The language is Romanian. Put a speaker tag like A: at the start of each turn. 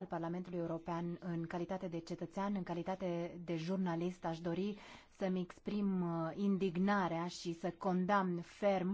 A: al Parlamentului European în calitate de cetățean, în calitate de jurnalist, aș dori să-mi exprim uh, indignarea și să condamn ferm